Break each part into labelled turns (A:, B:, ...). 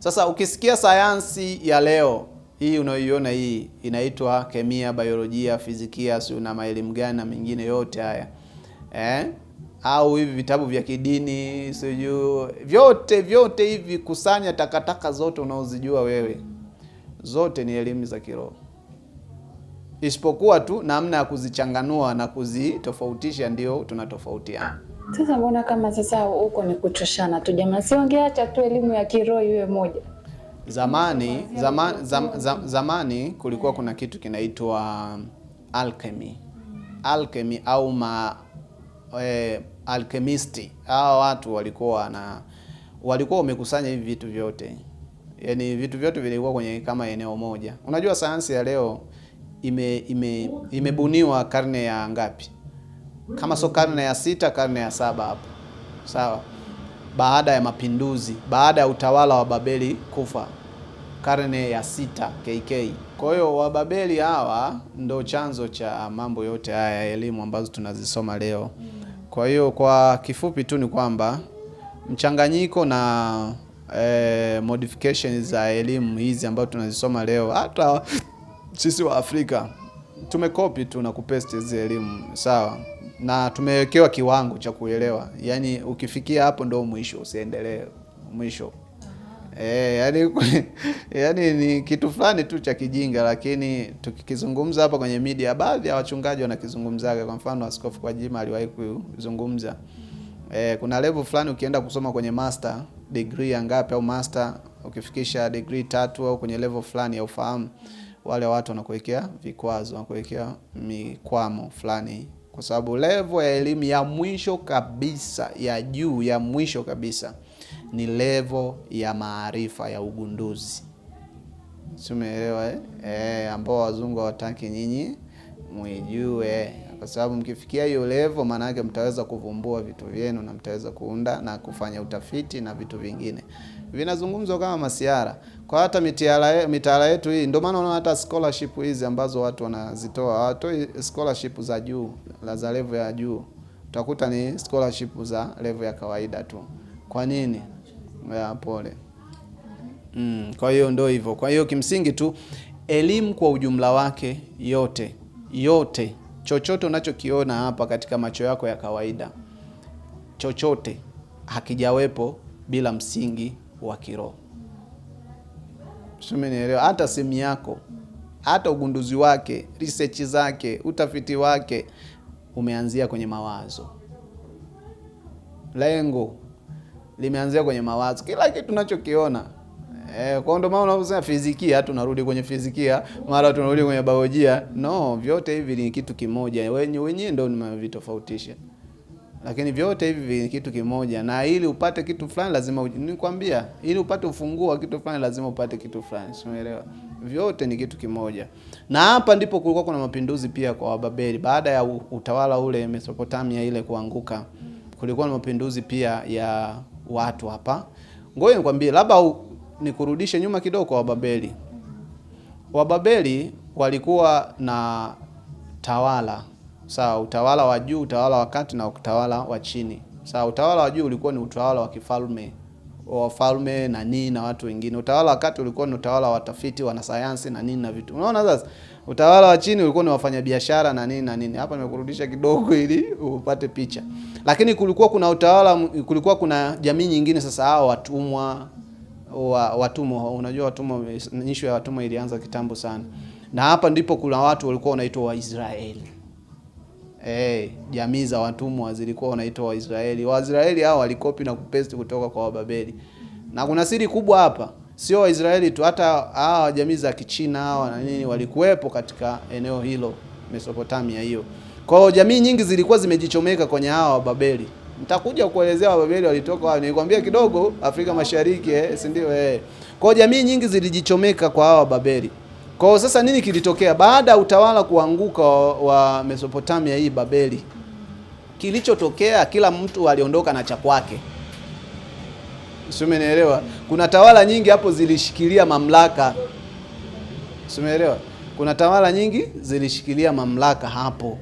A: Sasa ukisikia sayansi ya leo hii unaoiona hii inaitwa kemia, biolojia, fizikia, si na maelimu gani na mengine yote haya eh? au hivi vitabu vya kidini sijuu, vyote vyote hivi, kusanya takataka zote unaozijua wewe, zote ni elimu za kiroho, isipokuwa tu namna ya kuzichanganua na kuzitofautisha, ndio tunatofautiana.
B: Sasa mbona kama sasa huko ni kuchoshana tu jamani, si ungeacha tu elimu ya kiroho iwe moja.
A: Zamani zama, zam, zam, zamani kulikuwa kuna kitu kinaitwa um, alchemy. Alchemy au ma e, alchemisti hawa watu walikuwa na walikuwa wamekusanya hivi vitu vyote, yaani vitu vyote vilikuwa kwenye kama eneo moja. Unajua sayansi ya leo ime, ime, imebuniwa karne ya ngapi? kama sio karne ya sita, karne ya saba hapo, sawa, baada ya mapinduzi, baada ya utawala wa Babeli kufa, karne ya sita KK. Kwa hiyo Wababeli hawa ndo chanzo cha mambo yote haya ya elimu ambazo tunazisoma leo. Kwa hiyo kwa kifupi tu ni kwamba mchanganyiko na eh, modifications za elimu hizi ambazo tunazisoma leo, hata sisi wa Afrika tumekopi tu na kupesti hizi elimu sawa na tumewekewa kiwango cha kuelewa, yaani ukifikia hapo ndo mwisho, usiendelee mwisho. E, yani, yani ni kitu fulani tu cha kijinga, lakini tukikizungumza hapa kwenye media, baadhi ya wachungaji wanakizungumzaga. Kwa mfano Askofu Gwajima aliwahi kuzungumza e, kuna level fulani ukienda kusoma kwenye master degree ya ngapi au master ukifikisha degree tatu au kwenye level fulani ya ufahamu, wale watu wanakuwekea vikwazo, wanakuwekea mikwamo fulani kwa sababu levo ya elimu ya mwisho kabisa ya juu ya mwisho kabisa ni levo ya maarifa ya ugunduzi. simeelewa eh? E, ambao wazungu hawataki nyinyi mwijue, kwa sababu mkifikia hiyo levo, maana yake mtaweza kuvumbua vitu vyenu na mtaweza kuunda na kufanya utafiti na vitu vingine vinazungumzwa kama masiara kwa hata mitaala mitaala yetu hii. Ndio maana unaona hata scholarship hizi ambazo watu wanazitoa hawatoi scholarship za juu la za level ya juu, utakuta ni scholarship za level ya kawaida tu. Kwa nini? Ya, pole. Mm, kwa hiyo ndio hivyo. Kwa hiyo kimsingi tu elimu kwa ujumla wake yote yote, chochote unachokiona hapa katika macho yako ya kawaida, chochote hakijawepo bila msingi wa kiroho. Simenielewa? Hata simu yako, hata ugunduzi wake, research zake, utafiti wake umeanzia kwenye mawazo. Lengo limeanzia kwenye mawazo, kila kitu tunachokiona Eh, kwa ndo maana unaposema fizikia tunarudi kwenye fizikia, mara tunarudi kwenye biolojia. No, vyote hivi ni kitu kimoja. Wenyewe wenyewe ndio mnavitofautisha lakini vyote hivi ni kitu kimoja, na ili upate kitu fulani lazima nikwambia, ili upate ufunguo wa kitu fulani lazima upate kitu fulani, umeelewa? Vyote ni kitu kimoja, na hapa ndipo kulikuwa kuna mapinduzi pia kwa Wababeli. Baada ya utawala ule Mesopotamia ile kuanguka, kulikuwa na mapinduzi pia ya watu hapa. Ngoja nikwambie, labda nikurudishe nyuma kidogo kwa Wababeli. Wababeli walikuwa na tawala sawa, utawala wa juu, utawala wa kati na utawala wa chini. Sawa, utawala wa juu ulikuwa ni utawala wa kifalme wafalme na nini na watu wengine. Utawala wa kati ulikuwa ni utawala wa watafiti, wanasayansi na nini na vitu. Unaona sasa? Utawala wa chini ulikuwa ni wafanyabiashara na nini na nini. Hapa nimekurudisha kidogo ili upate picha. Lakini kulikuwa kuna utawala, kulikuwa kuna jamii nyingine sasa hao watumwa wa watumwa, unajua watumwa, issue ya watumwa ilianza kitambo sana. Na hapa ndipo kuna watu walikuwa wanaitwa Waisraeli eh, jamii za watumwa zilikuwa wanaitwa Waisraeli. Waisraeli hao walikopi na kupesti kutoka kwa Wababeli. Na kuna siri kubwa hapa, sio Waisraeli tu, hata hawa jamii za Kichina hawa na nini walikuwepo katika eneo hilo Mesopotamia hiyo. Kwa hiyo jamii nyingi zilikuwa zimejichomeka kwenye hawa Wababeli. Nitakuja kuelezea Wababeli walitoka wapi. Nilikwambia kidogo Afrika Mashariki eh, si ndio eh. Kwa hiyo jamii nyingi zilijichomeka kwa hawa Wababeli. Kwa hiyo sasa nini kilitokea baada ya utawala kuanguka wa Mesopotamia hii Babeli? Kilichotokea, kila mtu aliondoka na cha kwake. Si Kuna tawala nyingi hapo zilishikilia mamlaka. Si umeelewa? Kuna tawala nyingi zilishikilia mamlaka hapo.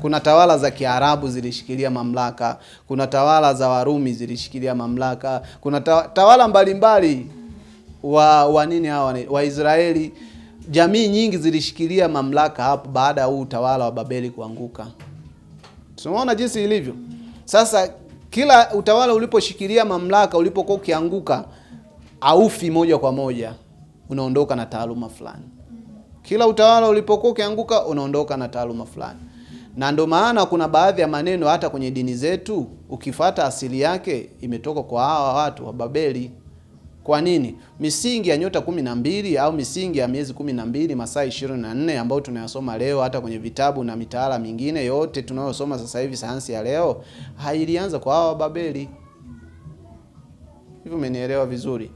A: Kuna tawala za Kiarabu zilishikilia mamlaka, kuna tawala za Warumi zilishikilia mamlaka, kuna tawala mbalimbali mbali wa, wa nini hawa Waisraeli, jamii nyingi zilishikilia mamlaka hapo baada ya huu utawala wa Babeli kuanguka. Tunaona jinsi ilivyo sasa. Kila utawala uliposhikilia mamlaka, ulipokuwa ukianguka, aufi moja kwa moja, unaondoka na taaluma fulani. Kila utawala ulipokuwa ukianguka, unaondoka na taaluma fulani, na ndio maana kuna baadhi ya maneno hata kwenye dini zetu ukifata asili yake imetoka kwa hawa watu wa Babeli. Kwa nini? Misingi ya nyota kumi na mbili au misingi ya miezi kumi na mbili masaa ishirini na nne ambayo tunayasoma leo hata kwenye vitabu na mitaala mingine yote tunayosoma sasa hivi sayansi ya leo hailianza kwa hawa Babeli. Hivyo umenielewa vizuri.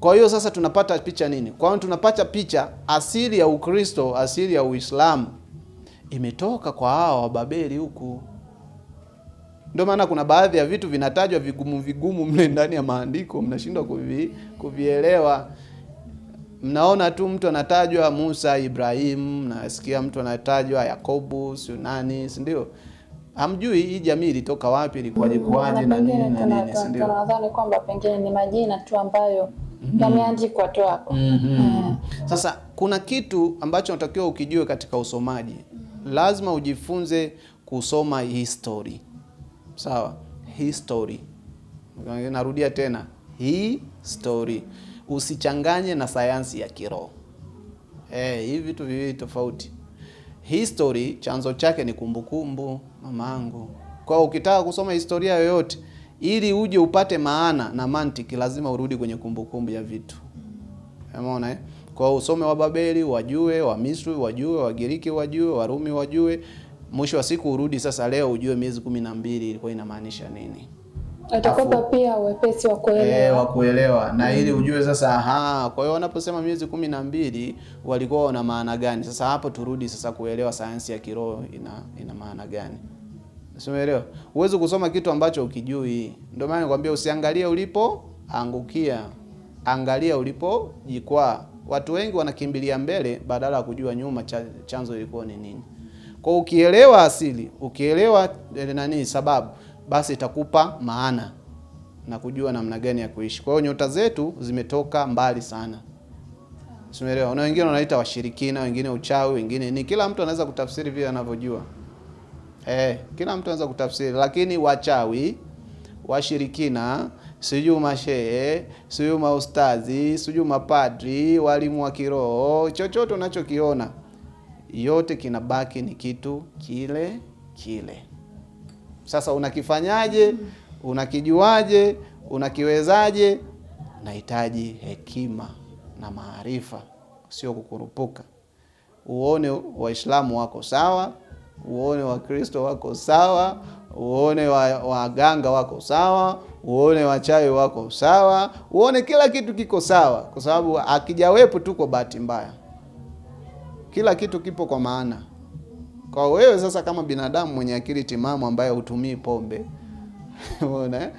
A: Kwa hiyo sasa tunapata picha nini? Kwa hiyo tunapata picha asili ya Ukristo, asili ya Uislamu imetoka kwa hawa Wababeli huku. Ndio maana kuna baadhi ya vitu vinatajwa vigumu vigumu mle ndani ya maandiko, mnashindwa kuvi, kuvielewa. Mnaona tu mtu anatajwa Musa, Ibrahimu, nasikia mtu anatajwa Yakobo, nani, si ndio? Hamjui hii jamii ilitoka wapi, ilikuwaje, kuwaje na nini na nini,
B: si ndio? Nadhani kwamba pengine ni majina tu ambayo mhm. yameandikwa tu hapo.
A: Mhm. Eh. Sasa kuna kitu ambacho natakiwa ukijue katika usomaji, lazima ujifunze kusoma history sawa? History. Narudia tena, hii story, Usichanganye na sayansi ya kiroho. Eh, hivi vitu viwili tofauti. History chanzo chake ni kumbukumbu, mamangu. Kwa ukitaka kusoma historia yoyote ili uje upate maana na mantiki, lazima urudi kwenye kumbukumbu ya vitu. Umeona eh? Kwa usome wa Babeli wajue, wa Misri wajue, Wagiriki wajue, Warumi wajue mwisho wa siku urudi sasa, leo ujue miezi kumi na mbili ilikuwa inamaanisha nini
B: atakupa pia wepesi wa kuelewa
A: eh, wa kuelewa na mm. ili ujue sasa, aha. Kwa hiyo wanaposema miezi kumi na mbili walikuwa wana maana gani? Sasa hapo turudi sasa kuelewa sayansi ya kiroho ina ina maana gani? Simeelewa, huwezi kusoma kitu ambacho ukijui. Ndio maana nikwambia usiangalie angukia angalia ulipo jikwaa Watu wengi wanakimbilia mbele badala ya kujua nyuma chanzo ilikuwa ni nini. Kwa ukielewa asili, ukielewa eh, nani sababu, basi itakupa maana na kujua namna gani ya kuishi. Kwa hiyo nyota zetu zimetoka mbali sana. Simeelewa. Na wengine wanaita washirikina, wengine uchawi, wengine ni kila mtu anaweza kutafsiri vile anavyojua. Eh, kila mtu anaweza kutafsiri, lakini wachawi, washirikina, sijui mashehe, sijui maustazi, sijui mapadri, walimu wa kiroho, chochote unachokiona yote kinabaki ni kitu kile kile. Sasa unakifanyaje? Unakijuaje? Unakiwezaje? Unahitaji hekima na maarifa, sio kukurupuka. Uone Waislamu wako sawa, uone Wakristo wako sawa, uone waganga wa wako sawa, uone wachawi wako sawa, uone kila kitu kiko sawa, kwa sababu akijawepo tuko bahati mbaya. Kila kitu kipo kwa maana. Kwa wewe sasa kama binadamu mwenye akili timamu ambaye hutumii pombe umeona,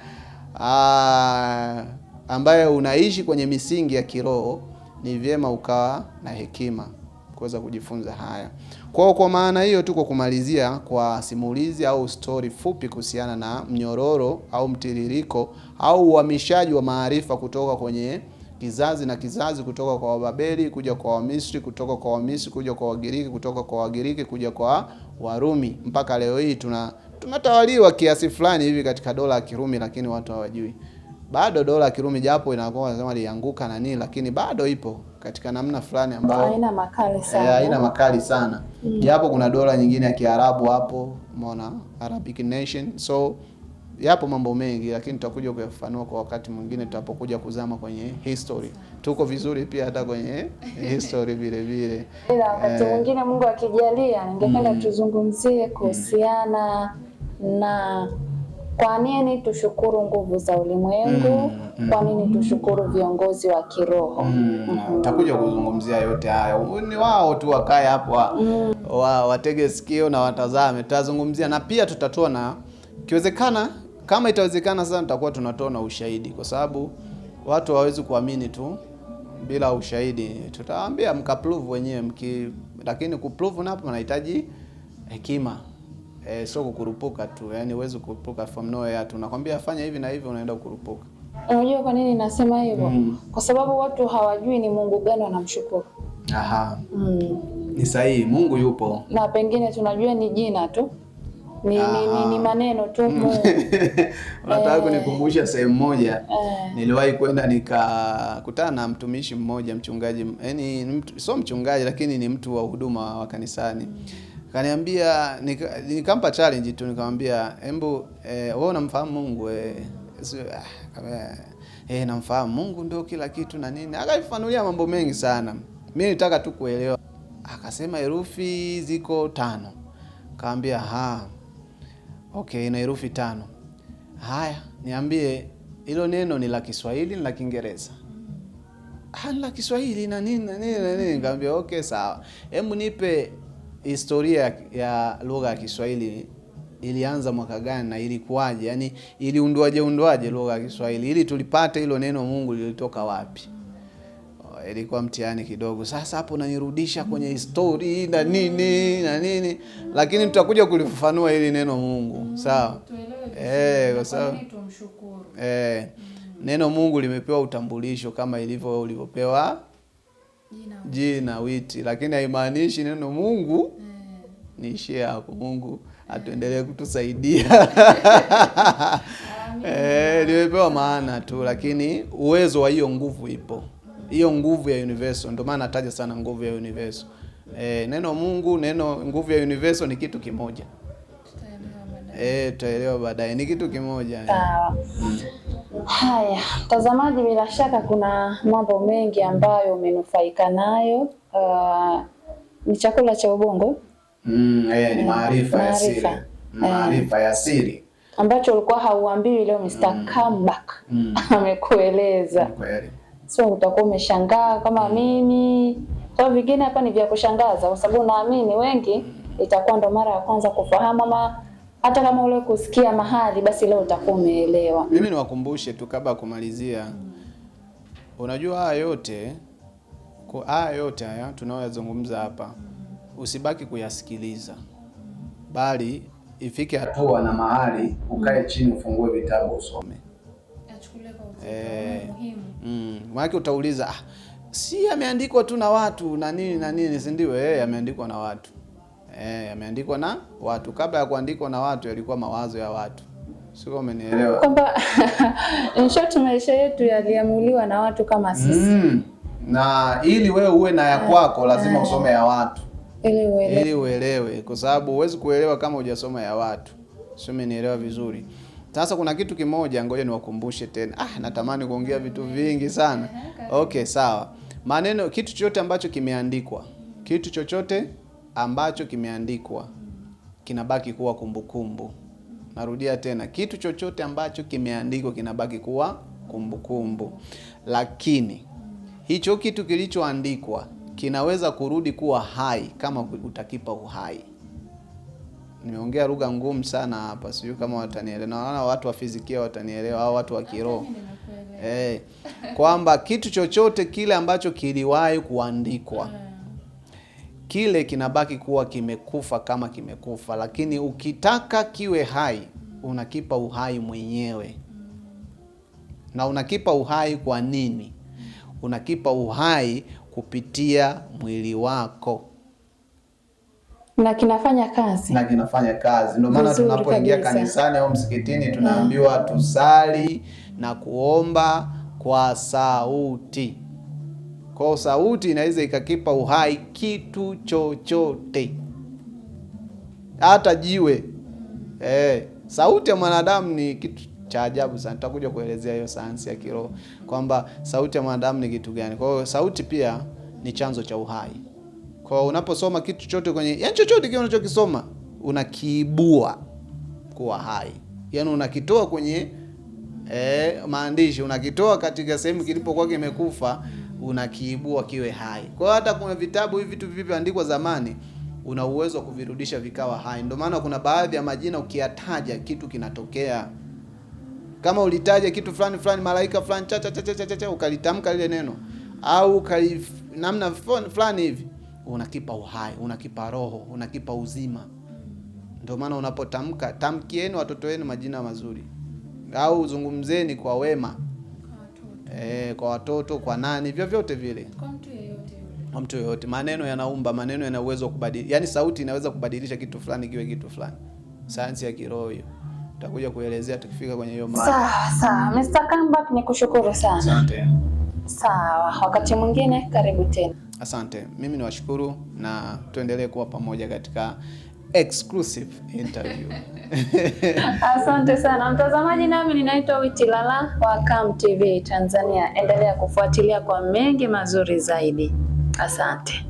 A: ah, ambaye unaishi kwenye misingi ya kiroho, ni vyema ukawa na hekima kuweza kujifunza haya. Kwa kwa maana hiyo tu, kwa kumalizia kwa simulizi au stori fupi kuhusiana na mnyororo au mtiririko au uhamishaji wa maarifa kutoka kwenye kizazi na kizazi, kutoka kwa Wababeli kuja kwa Wamisri, kutoka kwa Wamisri kuja kwa Wagiriki, kutoka kwa Wagiriki kuja kwa Warumi, mpaka leo hii tuna tunatawaliwa kiasi fulani hivi katika dola ya Kirumi, lakini watu hawajui bado dola ya Kirumi japo inakuwa nasema ilianguka na nini, lakini bado ipo katika namna fulani ambayo
B: haina makali sana,
A: eh, haina makali sana. Mm. Japo kuna dola nyingine ya Kiarabu hapo, umeona Arabic nation so Yapo mambo mengi, lakini tutakuja kuyafafanua kwa wakati mwingine tutapokuja kuzama kwenye history. Tuko vizuri pia hata kwenye history vile vile,
B: ila wakati eh. mwingine Mungu akijalia, ningependa mm, tuzungumzie kuhusiana mm, na kwa nini tushukuru nguvu za ulimwengu? mm. mm. kwa nini tushukuru viongozi wa kiroho?
A: Tutakuja mm. mm. kuzungumzia yote hayo. ni wao tu wakae hapo wa, mm. wa watege sikio na watazame, tutazungumzia na pia tutatua na ikiwezekana kama itawezekana sasa, tutakuwa tunatoa na ushahidi, kwa sababu watu hawawezi kuamini tu bila ushahidi. Tutawaambia mkaprove wenyewe mki, lakini kuprove napo mnahitaji hekima e, sio kukurupuka tu. Yani huwezi kukurupuka from nowhere tu, nakwambia fanya hivi na hivi, unaenda kukurupuka.
B: Unajua kwa nini nasema hivyo? mm. Kwa sababu watu hawajui ni Mungu gani wanamshukuru.
A: Aha. Mm. Ni sahihi, Mungu yupo
B: na pengine tunajua ni jina tu ni, ni, ni ah. maneno tu. Mm.
A: Nataka eh. kunikumbusha sehemu moja eh. niliwahi kwenda nikakutana na mtumishi mmoja mchungaji, yani mtu, sio mchungaji lakini ni mtu wa huduma wa kanisani mm. Kaniambia nika, nikampa challenge tu nikamwambia embu eh, wewe unamfahamu Mungu eh, ah, eh, namfahamu Mungu ndio kila kitu na nini. Akaifanulia mambo mengi sana, mi nitaka tu kuelewa. Akasema herufi ziko tano, kaambia ha Okay, ina herufi tano. Haya, niambie hilo neno ni la Kiswahili, ni la Kiingereza? Ha, ah, ni la Kiswahili na nini na nini na nini. Nikamwambia okay, sawa, hebu nipe historia ya lugha ya Kiswahili ilianza mwaka gani na ilikuwaje? Yaani iliundwaje undwaje lugha ya Kiswahili ili tulipate hilo neno Mungu lilitoka wapi? ilikuwa mtihani kidogo. Sasa hapo unanirudisha kwenye histori na nini na nini, lakini tutakuja kulifafanua hili neno Mungu, mm, sawa
B: eh, kwa sababu
A: eh, mm. neno Mungu limepewa utambulisho kama ilivyo ulivyopewa
B: jina, jina witi,
A: lakini haimaanishi neno Mungu mm. niishie hapo. Mungu atuendelee eh. kutusaidia eh, limepewa maana tu, lakini uwezo wa hiyo nguvu ipo hiyo nguvu ya universal. Ndio maana nataja sana nguvu ya universal. E, eh, neno Mungu, neno nguvu ya universal ni kitu kimoja. Eh, tutaelewa baadaye, ni kitu kimoja.
B: Sawa. Haya, mtazamaji, bila shaka kuna mambo mengi ambayo umenufaika nayo. Uh, ni chakula cha ubongo
A: mm, eh, ni eh, maarifa ya siri, eh. maarifa ya siri
B: ambacho ulikuwa hauambiwi. Leo Mr. Mm. Comeback mm. amekueleza mm sio utakuwa umeshangaa kama mm. mimi. Kwa vingine hapa ni vya kushangaza, kwa sababu naamini wengi itakuwa ndo mara ya kwanza kufahamu ama hata kama ule kusikia mahali, basi leo utakuwa umeelewa.
A: Mimi niwakumbushe tu kabla ya kumalizia, unajua haya yote kwa haya yote haya tunayoyazungumza hapa, usibaki kuyasikiliza, bali ifike hatua na mahali ukae mm. chini, ufungue vitabu, usome eh, mm, maanake utauliza ah, si ameandikwa tu na watu na nini na nini, sindio eh, yameandikwa na watu eh, ameandikwa na watu. Kabla ya kuandikwa na watu, yalikuwa mawazo ya watu. Sio, umenielewa
B: kwamba in short maisha yetu yaliamuliwa na watu kama sisi
A: mm, na ili wewe uwe na ya eh, kwako lazima eh. usome ya watu
B: ili uelewe,
A: kwa sababu huwezi kuelewa kama hujasoma ya watu. Sio, umenielewa vizuri. Sasa kuna kitu kimoja, ngoja niwakumbushe tena. Ah, natamani kuongea vitu vingi sana. Okay, sawa. Maneno, kitu chochote ambacho kimeandikwa, kitu chochote ambacho kimeandikwa kinabaki kuwa kumbukumbu kumbu. Narudia tena, kitu chochote ambacho kimeandikwa kinabaki kuwa kumbukumbu kumbu. Lakini hicho kitu kilichoandikwa kinaweza kurudi kuwa hai kama utakipa uhai nimeongea lugha ngumu sana hapa, sijui kama watanielewa, naona watu wa fizikia watanielewa au watu wa kiroho eh, kwamba kitu chochote kile ambacho kiliwahi kuandikwa eh. kile kinabaki kuwa kimekufa kama kimekufa, lakini ukitaka kiwe hai unakipa uhai mwenyewe. Na unakipa uhai kwa nini? Unakipa uhai kupitia mwili wako
B: na kinafanya kazi
A: na kinafanya kazi. Ndio maana tunapoingia kanisani au msikitini mm. tunaambiwa tusali na kuomba kwa sauti. Kwa sauti inaweza ikakipa uhai kitu chochote, hata jiwe eh. Sauti ya mwanadamu ni kitu cha ajabu sana. Tutakuja kuelezea hiyo sayansi ya kiroho kwamba sauti ya mwanadamu ni kitu gani. Kwa hiyo sauti pia ni chanzo cha uhai. Kwa unaposoma kitu chochote kwenye, yani chochote kile unachokisoma unakiibua kuwa hai, yani unakitoa kwenye e, maandishi, unakitoa katika sehemu kilipokuwa kimekufa, unakiibua kiwe hai. Kwa hata kuna vitabu hivi vitu vilivyoandikwa zamani una uwezo wa kuvirudisha vikawa hai. Ndio maana kuna baadhi ya majina ukiyataja kitu kinatokea. Kama ulitaja kitu fulani fulani, malaika fulani cha cha cha cha cha, ukalitamka lile neno au ukali namna fulani hivi, unakipa uhai, unakipa roho, unakipa uzima. Ndio maana unapotamka, tamkieni watoto wenu majina mazuri au zungumzeni kwa wema E, kwa watoto kwa nani, vyovyote vile, kwa mtu yoyote. Maneno yanaumba, maneno yana uwezo wa kubadilisha, yani sauti inaweza kubadilisha kitu fulani kiwe kitu fulani. Sayansi ya kiroho hiyo tutakuja kuelezea tukifika kwenye hiyo
B: mada. Sawa sawa, Mr. Comeback, sana. Asante. Sawa, wakati mwingine karibu tena.
A: Asante, mimi niwashukuru na tuendelee kuwa pamoja katika exclusive interview.
B: Asante sana mtazamaji, nami ninaitwa Witilala wa Kam TV Tanzania. Endelea kufuatilia kwa mengi mazuri zaidi. Asante.